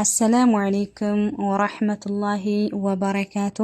አሰላሙ አሌይኩም ወራህመቱላሂ ወበረካቱ።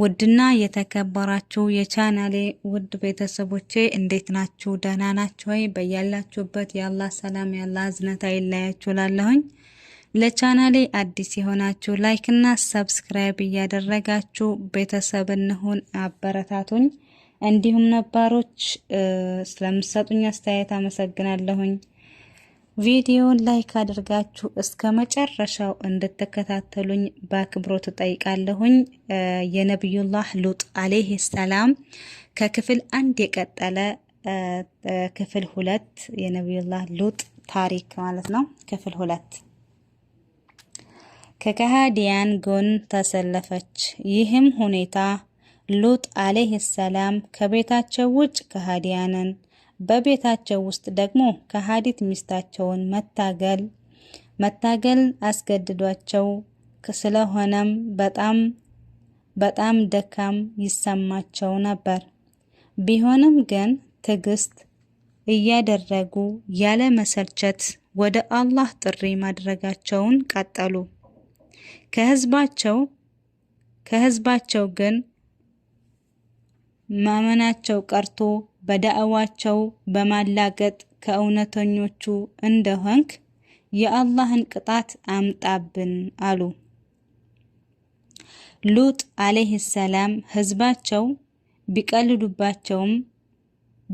ውድና የተከበራችሁ የቻናሌ ውድ ቤተሰቦቼ እንዴት ናችሁ? ደህና ናችሁ ወይ? በያላችሁበት የአላህ ሰላም የአላህ እዝነት አይለያችሁ። ላለሁኝ ለቻናሌ አዲስ የሆናችሁ ላይክና ሰብስክራይብ እያደረጋችሁ ቤተሰብ እንሁን፣ አበረታቱኝ። እንዲሁም ነባሮች ስለምሰጡኝ አስተያየት አመሰግናለሁኝ። ቪዲዮውን ላይክ አድርጋችሁ እስከ መጨረሻው እንድትከታተሉኝ በአክብሮት እጠይቃለሁኝ። የነቢዩላህ ሉጥ አለይህ ሰላም ከክፍል አንድ የቀጠለ ክፍል ሁለት የነቢዩላህ ሉጥ ታሪክ ማለት ነው። ክፍል ሁለት ከከሃዲያን ጎን ተሰለፈች። ይህም ሁኔታ ሉጥ አለይህ ሰላም ከቤታቸው ውጭ ከሃዲያንን በቤታቸው ውስጥ ደግሞ ከሀዲት ሚስታቸውን መታገል መታገል አስገድዷቸው ስለሆነም በጣም በጣም ደካም ይሰማቸው ነበር። ቢሆንም ግን ትዕግስት እያደረጉ ያለ መሰልቸት ወደ አላህ ጥሪ ማድረጋቸውን ቀጠሉ። ከህዝባቸው ከህዝባቸው ግን ማመናቸው ቀርቶ በዳዕዋቸው በማላገጥ ከእውነተኞቹ እንደሆንክ የአላህን ቅጣት አምጣብን አሉ። ሉጥ አለይሂ ሰላም ህዝባቸው ቢቀልዱባቸውም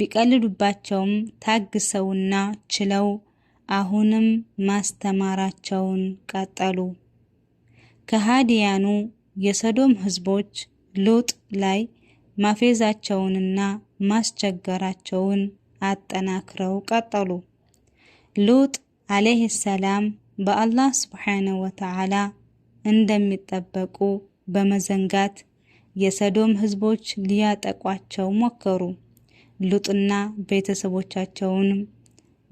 ቢቀልዱባቸውም ታግሰውና ችለው አሁንም ማስተማራቸውን ቀጠሉ። ከሃዲያኑ የሰዶም ህዝቦች ሉጥ ላይ ማፌዛቸውንና ማስቸገራቸውን አጠናክረው ቀጠሉ። ሉጥ አለይሂ ሰላም በአላህ ሱብሓነሁ ወተዓላ እንደሚጠበቁ በመዘንጋት የሰዶም ህዝቦች ሊያጠቋቸው ሞከሩ። ሉጥና ቤተሰቦቻቸውን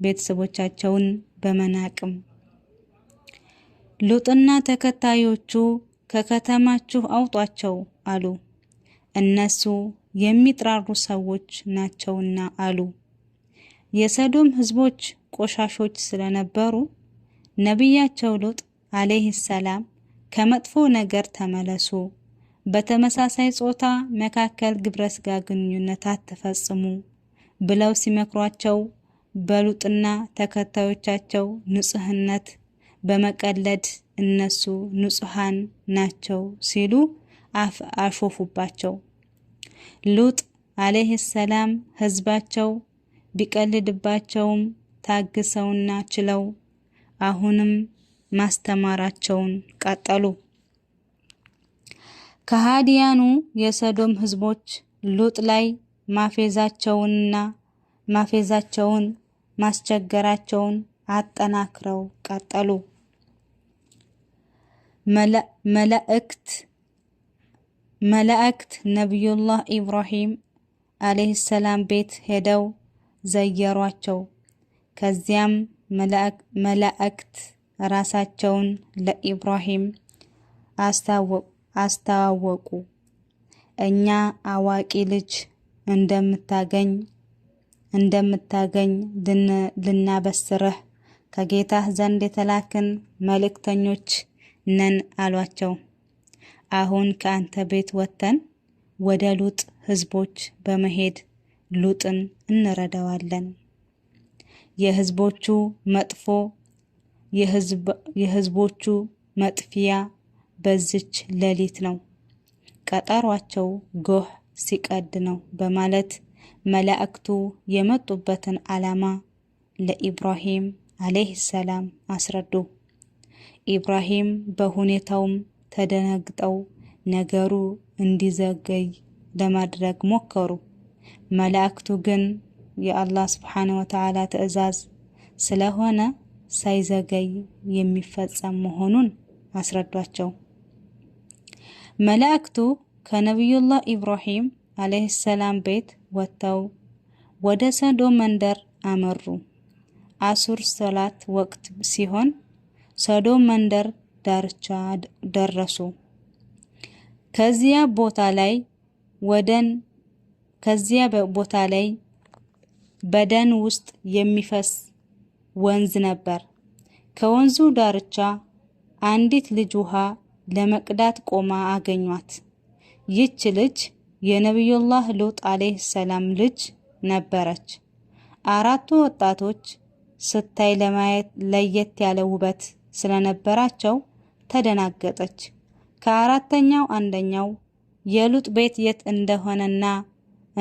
ቤተሰቦቻቸውን በመናቅም ሉጥና ተከታዮቹ ከከተማችሁ አውጧቸው አሉ። እነሱ የሚጥራሩ ሰዎች ናቸውና አሉ። የሰዶም ህዝቦች ቆሻሾች ስለነበሩ ነቢያቸው ሎጥ አለይሂ ሰላም ከመጥፎ ነገር ተመለሱ፣ በተመሳሳይ ጾታ መካከል ግብረ ስጋ ግንኙነት አትፈጽሙ ብለው ሲመክሯቸው በሉጥና ተከታዮቻቸው ንጹህነት በመቀለድ እነሱ ንጹሃን ናቸው ሲሉ አሾፉባቸው። ሉጥ አለይሂ ሰላም ህዝባቸው ቢቀልድባቸውም ታግሰውና ችለው አሁንም ማስተማራቸውን ቀጠሉ። ከሃዲያኑ የሰዶም ህዝቦች ሉጥ ላይ ማፌዛቸውንና ማፌዛቸውን ማስቸገራቸውን አጠናክረው ቀጠሉ። መላእክት መላእክት ነቢዩላህ ኢብራሂም ዓለይህ ሰላም ቤት ሄደው ዘየሯቸው። ከዚያም መላእክት ራሳቸውን ለኢብራሂም አስተዋወቁ። እኛ አዋቂ ልጅ እንደምታገኝ እንደምታገኝ ልናበስርህ ከጌታህ ዘንድ የተላክን መልእክተኞች ነን አሏቸው። አሁን ከአንተ ቤት ወጥተን ወደ ሉጥ ህዝቦች በመሄድ ሉጥን እንረዳዋለን። የህዝቦቹ መጥፎ የህዝቦቹ መጥፊያ በዚች ሌሊት ነው፣ ቀጠሯቸው ጎህ ሲቀድ ነው በማለት መላእክቱ የመጡበትን ዓላማ ለኢብራሂም ዓለይህ ሰላም አስረዱ። ኢብራሂም በሁኔታውም ተደናግጠው ነገሩ እንዲዘገይ ለማድረግ ሞከሩ። መላእክቱ ግን የአላህ ስብሓነ ወተዓላ ትዕዛዝ ስለሆነ ሳይዘገይ የሚፈጸም መሆኑን አስረዷቸው። መላእክቱ ከነቢዩላህ ኢብራሂም ዓለይሂ ሰላም ቤት ወጥተው ወደ ሰዶ መንደር አመሩ። አሱር ሶላት ወቅት ሲሆን ሰዶ መንደር ዳርቻ ደረሱ። ከዚያ ቦታ ላይ ወደን ከዚያ ቦታ ላይ በደን ውስጥ የሚፈስ ወንዝ ነበር። ከወንዙ ዳርቻ አንዲት ልጅ ውሃ ለመቅዳት ቆማ አገኟት። ይህች ልጅ የነቢዩላህ ሉጥ አለይሂ ሰላም ልጅ ነበረች። አራቱ ወጣቶች ስታይ ለማየት ለየት ያለ ውበት ስለነበራቸው ተደናገጠች። ከአራተኛው አንደኛው የሉጥ ቤት የት እንደሆነና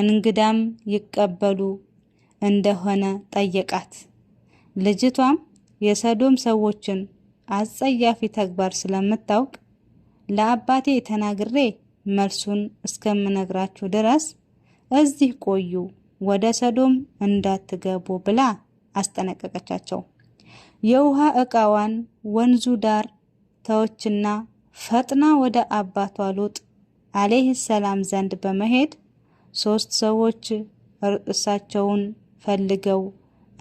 እንግዳም ይቀበሉ እንደሆነ ጠየቃት። ልጅቷም የሰዶም ሰዎችን አጸያፊ ተግባር ስለምታውቅ ለአባቴ ተናግሬ መልሱን እስከምነግራችሁ ድረስ እዚህ ቆዩ፣ ወደ ሰዶም እንዳትገቡ ብላ አስጠነቀቀቻቸው። የውሃ ዕቃዋን ወንዙ ዳር ተወችና ፈጥና ወደ አባቷ ሉጥ አሌህ ሰላም ዘንድ በመሄድ ሶስት ሰዎች እርሳቸውን ፈልገው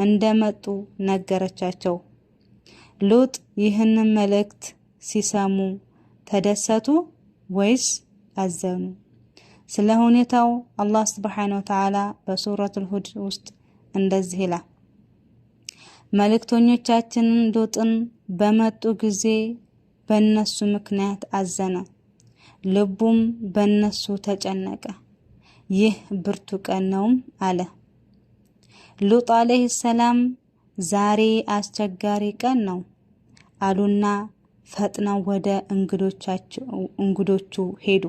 እንደመጡ ነገረቻቸው። ሉጥ ይህንን መልእክት ሲሰሙ ተደሰቱ ወይስ አዘኑ? ስለ ሁኔታው አላህ ስብሓነ ወተዓላ በሱረቱል ሁድ ውስጥ እንደዚህ ይላል፦ መልእክተኞቻችንን ሉጥን በመጡ ጊዜ በነሱ ምክንያት አዘነ፣ ልቡም በነሱ ተጨነቀ። ይህ ብርቱ ቀን ነውም አለ። ሉጥ አለይሂ ሰላም ዛሬ አስቸጋሪ ቀን ነው አሉና ፈጥነው ወደ እንግዶቹ ሄዱ።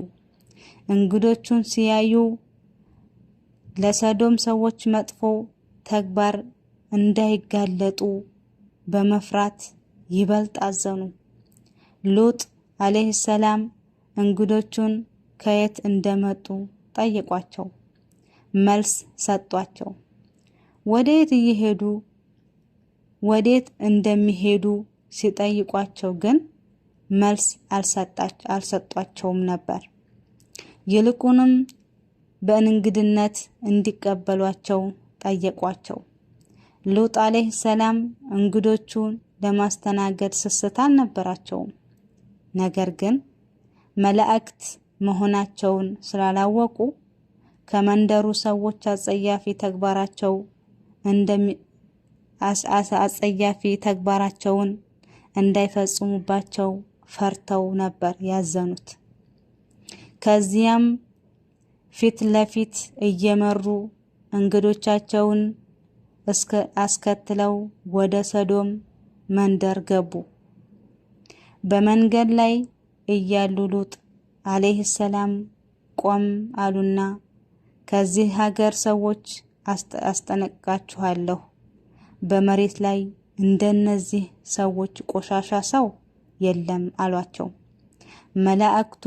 እንግዶቹን ሲያዩ ለሰዶም ሰዎች መጥፎ ተግባር እንዳይጋለጡ በመፍራት ይበልጥ አዘኑ። ሉጥ አለይህ ሰላም እንግዶቹን ከየት እንደመጡ ጠይቋቸው መልስ ሰጧቸው። ወዴት እየሄዱ ወዴት እንደሚሄዱ ሲጠይቋቸው ግን መልስ አልሰጧቸውም ነበር። ይልቁንም በእንግድነት እንዲቀበሏቸው ጠየቋቸው። ሉጥ አለይህ ሰላም እንግዶቹን ለማስተናገድ ስስት አልነበራቸውም። ነገር ግን መላእክት መሆናቸውን ስላላወቁ ከመንደሩ ሰዎች አጸያፊ ተግባራቸው አጸያፊ ተግባራቸውን እንዳይፈጽሙባቸው ፈርተው ነበር ያዘኑት። ከዚያም ፊት ለፊት እየመሩ እንግዶቻቸውን አስከትለው ወደ ሰዶም መንደር ገቡ። በመንገድ ላይ እያሉ ሉጥ አለይህ ሰላም ቆም አሉና ከዚህ ሀገር ሰዎች አስጠነቅቃችኋለሁ፣ በመሬት ላይ እንደነዚህ ሰዎች ቆሻሻ ሰው የለም አሏቸው። መላእክቱ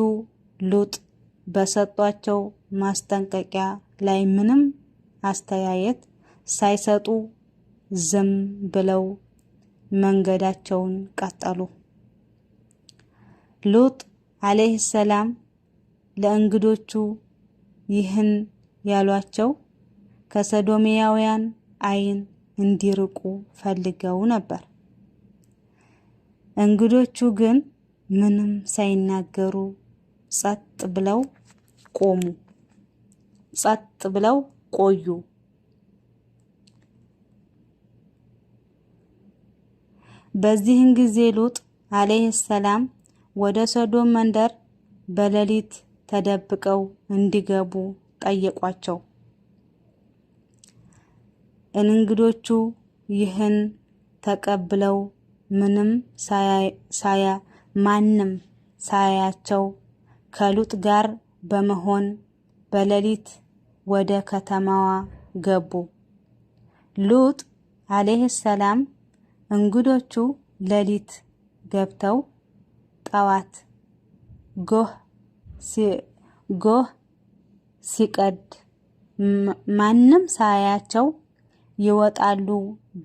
ሉጥ በሰጧቸው ማስጠንቀቂያ ላይ ምንም አስተያየት ሳይሰጡ ዝም ብለው መንገዳቸውን ቀጠሉ። ሉጥ አለይህ ሰላም ለእንግዶቹ ይህን ያሏቸው ከሰዶሚያውያን አይን እንዲርቁ ፈልገው ነበር። እንግዶቹ ግን ምንም ሳይናገሩ ጸጥ ብለው ቆሙ። ጸጥ ብለው ቆዩ። በዚህን ጊዜ ሉጥ አለይህ ሰላም ወደ ሶዶም መንደር በሌሊት ተደብቀው እንዲገቡ ጠየቋቸው። እንግዶቹ ይህን ተቀብለው ምንም ሳያ ማንም ሳያቸው ከሉጥ ጋር በመሆን በሌሊት ወደ ከተማዋ ገቡ። ሉጥ አለይሂ ሰላም እንግዶቹ ሌሊት ገብተው ጠዋት ጎህ ሲቀድ ማንም ሳያቸው ይወጣሉ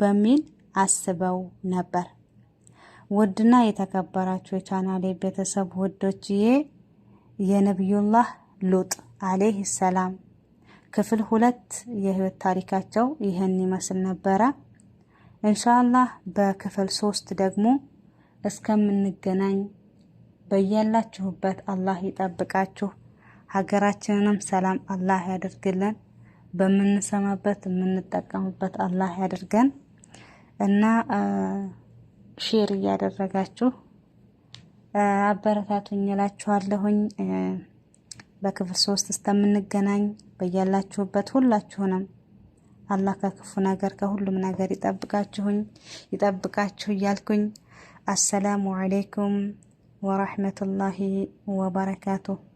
በሚል አስበው ነበር። ውድና የተከበራችሁ የቻናሌ ቤተሰብ ውዶችዬ የነቢዩላህ ሉጥ አሌህ ሰላም ክፍል ሁለት የህይወት ታሪካቸው ይህን ይመስል ነበረ። እንሻላህ በክፍል ሶስት ደግሞ እስከምንገናኝ በያላችሁበት አላህ ይጠብቃችሁ። ሀገራችንንም ሰላም አላህ ያደርግልን። በምንሰማበት የምንጠቀምበት አላህ ያደርገን እና ሼር እያደረጋችሁ አበረታቱኝ እላችኋለሁኝ። በክፍል ሶስት እስከምንገናኝ በያላችሁበት ሁላችሁንም አላህ ከክፉ ነገር ከሁሉም ነገር ይጠብቃችሁኝ ይጠብቃችሁ እያልኩኝ አሰላሙ አሌይኩም ورحمة الله وبركاته